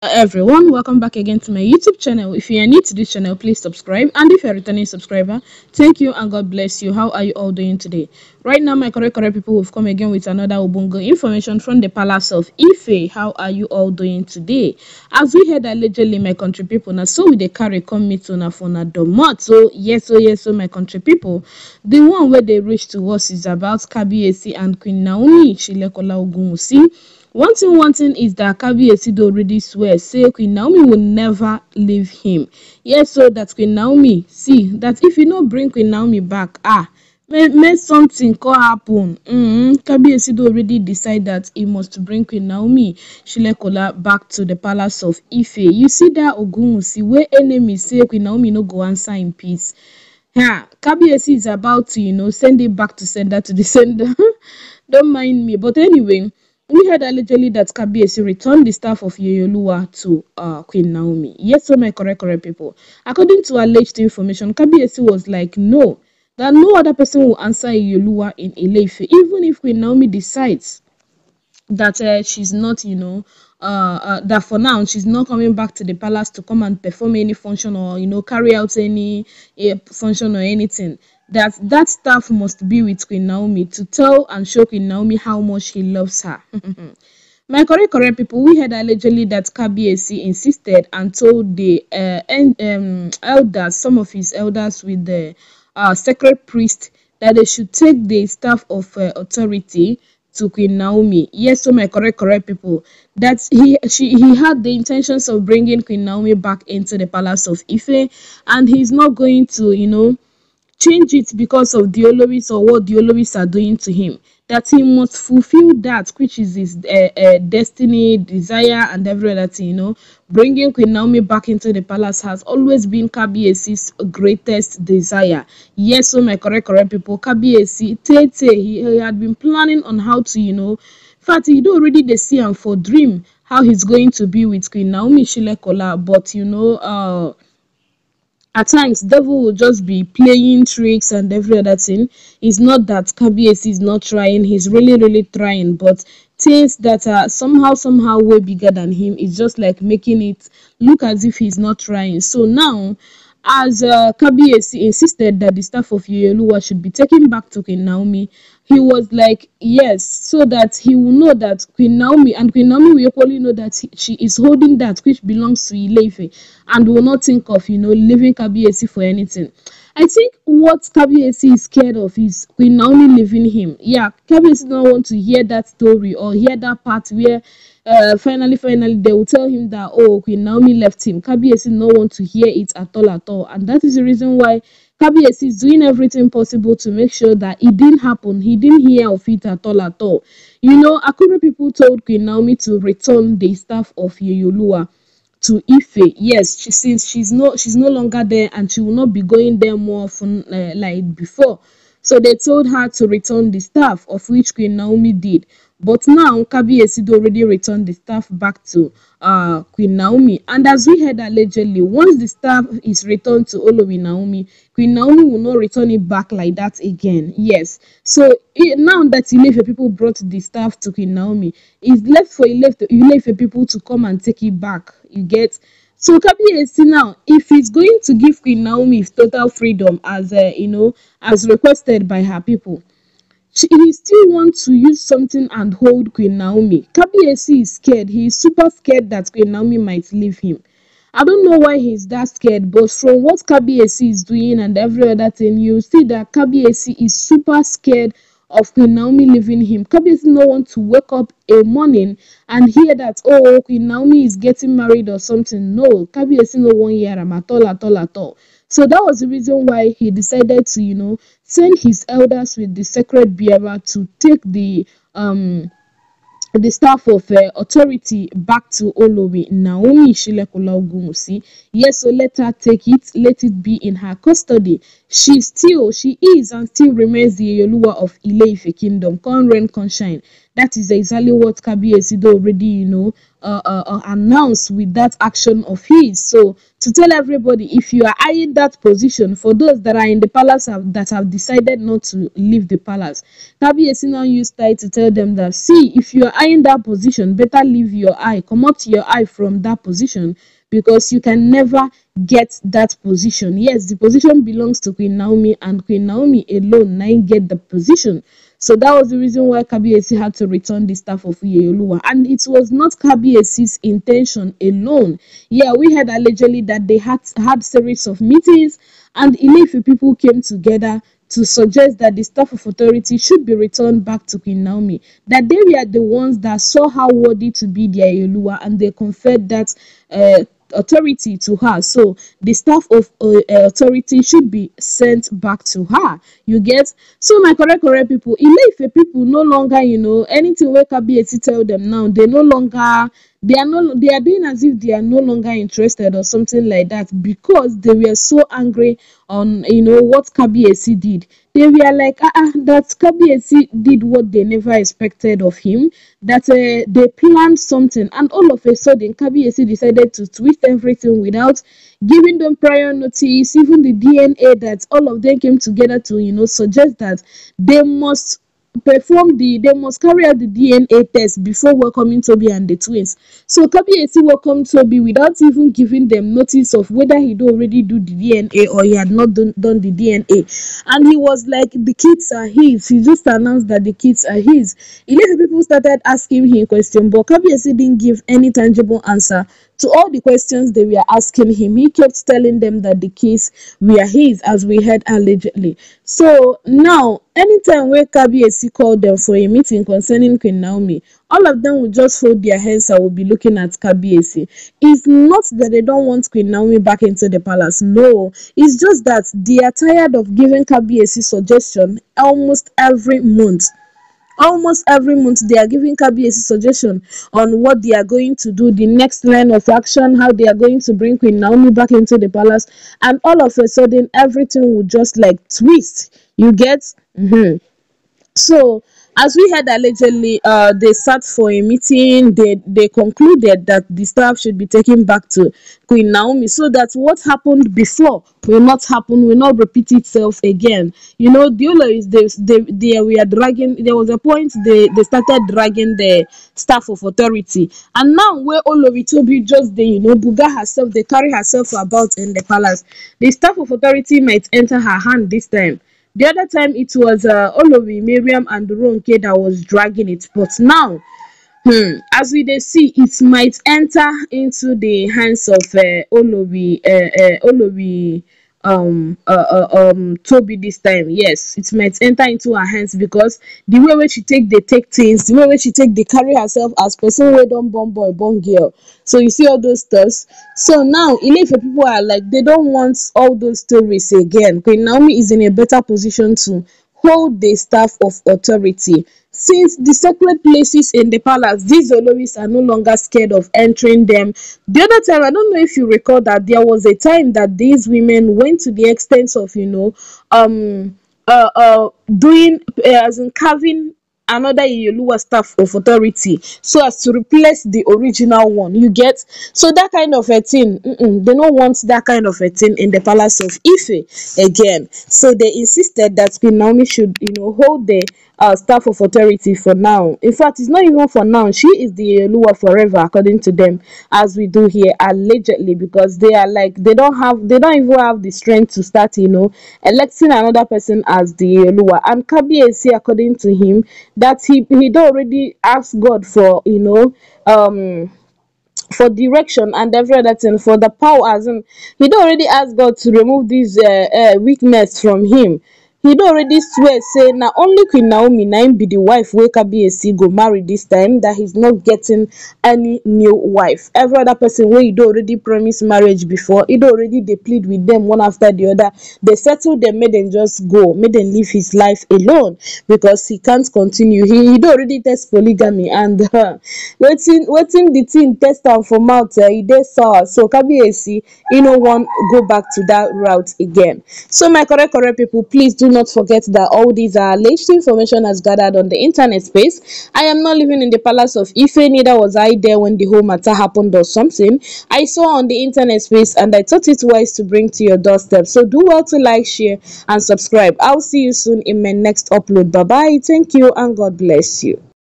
everyone welcome back again to my youtube channel if you are new to this channel please subscribe and if you're a returning subscriber thank you and god bless you how are you all doing today right now my correct correct people have come again with another ubungo information from the palace of ife how are you all doing today as we heard allegedly my country people now so with the carry come meet on for na domot so yes oh yes so oh, my country people the one where they reach to us is about kbac and queen naomi shilekola ogunwusi One thing one thing is that Kabiyesi already swear say Queen Naomi will never leave him. Yes so that Queen Naomi see that if you no bring Queen Naomi back ah may make something come happen. Mm-hmm. Kabiyesi already decide that he must bring Queen Naomi Shilekola back to the palace of Ife. You see that Ogun, see where enemy say Queen Naomi no go answer in peace. Yeah, Kabiyesi is about to, you know, send it back to sender to the sender. Don't mind me. But anyway, We heard allegedly that Kabiesi returned the staff of Yoyoluwa to uh, Queen Naomi. Yes, so my correct, correct people. According to alleged information, Kabiesi was like, no, that no other person will answer Yoyoluwa in Ileife, even if Queen Naomi decides that uh, she's not, you know, uh, uh, that for now she's not coming back to the palace to come and perform any function or you know carry out any eh, function or anything that that staff must be with Queen Naomi to tell and show Queen Naomi how much he loves her. My correct correct people, we heard allegedly that KBAC insisted and told the uh, eh, and, um, elders, some of his elders with the uh, sacred priest, that they should take the staff of uh, authority to Queen Naomi. Yes, so my correct, correct people, that he she he had the intentions of bringing Queen Naomi back into the palace of Ife, and he's not going to, you know, change it because of the or what the are doing to him. That he must fulfill that which is his uh, uh, destiny, desire, and every other thing, you know. Bringing Queen Naomi back into the palace has always been Kabiesi's greatest desire. Yes, so oh my correct, correct people, Kabiesi, Tete, he, he had been planning on how to, you know, in fact, he do already the see and for dream how he's going to be with Queen Naomi Shilekola, but you know, uh, at times devil will just be playing tricks and every other thing it's not that kbs is not trying he's really really trying but things that are somehow somehow way bigger than him is just like making it look as if he's not trying so now as uh, insisted that the staff of Yelua should be taken back to King Naomi he was like yes so that he will know that queen naomi and queen naomi will equally know that he, she is holding that which belongs to ileife and will not think of you know leaving kbac for anything i think what kbac is scared of is queen naomi leaving him yeah kbac don't want to hear that story or hear that part where uh, finally, finally, they will tell him that, oh, Queen Naomi left him. Kabiesi is not want to hear it at all, at all. And that is the reason why Kabiesi is doing everything possible to make sure that it didn't happen. He didn't hear of it at all, at all. You know, Akure people told Queen Naomi to return the staff of Yeyolua to Ife. Yes, she, since she's not she's no longer there and she will not be going there more often uh, like before. So they told her to return the staff, of which Queen Naomi did. But now Kabiyesi had already returned the staff back to uh, Queen Naomi. And as we heard allegedly, once the staff is returned to Olori Naomi, Queen Naomi will not return it back like that again. Yes. So it, now that Ilefe people brought the staff to Queen Naomi, it's left for Ilefe, Ilefe people to come and take it back. You get so Kabiyesi now, if he's going to give Queen Naomi total freedom as uh, you know, as requested by her people, she, he still wants to use something and hold Queen Naomi. Kabiyesi is scared. He is super scared that Queen Naomi might leave him. I don't know why he's that scared, but from what Kabiyesi is doing and every other thing, you see that Kabiyesi is super scared of Queen Naomi leaving him. Kobe is not want to wake up a morning and hear that, oh, Queen Naomi is getting married or something. No, Kobe does not want Yaram at all, at all, at all. So that was the reason why he decided to, you know, send his elders with the sacred bearer to take the um the staff of uh, authority back to Olowi Naomi Shilekola Ogunwusi. Yes, so let her take it, let it be in her custody. She still, she is and still remains the Yoluwa of Ile Kingdom. Con rain, con shine. That is exactly what Esido already, you know, uh, uh, uh, announced with that action of his. So to tell everybody, if you are eyeing that position, for those that are in the palace have, that have decided not to leave the palace, Kabiyesi now used Tai to tell them that, see, if you are eyeing that position, better leave your eye, come out your eye from that position because you can never get that position. Yes, the position belongs to Queen Naomi and Queen Naomi alone now get the position. So that was the reason why KBAC had to return the staff of Iyeoluwa. And it was not KBAC's intention alone. Yeah, we had allegedly that they had had series of meetings and Ilefi people came together to suggest that the staff of authority should be returned back to Queen Naomi, that they were the ones that saw how worthy to be their Elua and they conferred that uh, authority to her. So the staff of uh, uh, authority should be sent back to her. You get so my correct correct people. If Ife people no longer you know anything where Kabieti tell them now they no longer they are no they are doing as if they are no longer interested or something like that because they were so angry on you know what KBSC did. They were like, ah, uh that KBSC did what they never expected of him. That uh, they planned something, and all of a sudden, KBSC decided to twist everything without giving them prior notice, even the DNA that all of them came together to you know suggest that they must Perform the they must carry out the DNA test before welcoming Toby and the twins. So KBAC welcomed Toby without even giving them notice of whether he'd already do the DNA or he had not done, done the DNA. And he was like, the kids are his. He just announced that the kids are his. A little people started asking him questions, but KBAC didn't give any tangible answer to all the questions they were asking him, he kept telling them that the keys were his, as we heard allegedly. So now, anytime where K B A C called them for a meeting concerning Queen Naomi, all of them will just fold their hands and will be looking at K B A C. It's not that they don't want Queen Naomi back into the palace. No, it's just that they are tired of giving K B A C suggestion almost every month almost every month they are giving a suggestion on what they are going to do, the next line of action, how they are going to bring Queen Naomi back into the palace, and all of a sudden everything will just like twist. You get? Mm-hmm. So as we heard allegedly, uh, they sat for a meeting. They they concluded that the staff should be taken back to Queen Naomi so that what happened before will not happen, will not repeat itself again. You know, only is they, they, they are dragging. There was a point they they started dragging the staff of authority, and now where all of it will be just the you know buga herself, they carry herself about in the palace. The staff of authority might enter her hand this time. The other time it was uh, Miriam, and Ronke that was dragging it. But now, hmm, as we they see, it might enter into the hands of uh, Olori, uh, uh, um uh, uh, um toby this time yes it might enter into her hands because the way when she take they take things the way when she take they carry herself as person way don't born boy born girl so you see all those stuff so now if people are like they don't want all those stories again queen naomi is in a better position to hold the staff of authority. Since the sacred places in the palace, these Oloris are no longer scared of entering them. The other time, I don't know if you recall that there was a time that these women went to the extent of, you know, um, uh, uh, doing, uh, as in carving another lower staff of authority so as to replace the original one. You get so that kind of a thing. Mm -mm, they don't want that kind of a thing in the palace of Ife again. So they insisted that Queen Naomi should, you know, hold the uh, staff of authority for now. In fact, it's not even for now. She is the Lua forever, according to them, as we do here, allegedly, because they are like they don't have they don't even have the strength to start, you know, electing another person as the Lua. And KBAC, according to him, that he he'd already asked God for, you know, um for direction and every other thing for the powers and he'd already asked god to remove this uh, uh, weakness from him he don already swear say na only queen naomi na im be the wife wey kabiyesi go marry this time that he's not getting any new wife every other person wey he don already promise marriage before he don already dey plead with them one after the other. They settle they make dem just go make dem live his life alone because he can't continue he he don already test polygamy and waiting waiting the thing test out for mouth eh e dey sour so kabiyesi you no one go back to that route again so my correct correct people, please do not not forget that all these are alleged information as gathered on the internet space. I am not living in the palace of Ife, neither was I there when the whole matter happened or something. I saw on the internet space and I thought it wise to bring to your doorstep. So do well to like, share and subscribe. I'll see you soon in my next upload. Bye-bye. Thank you and God bless you.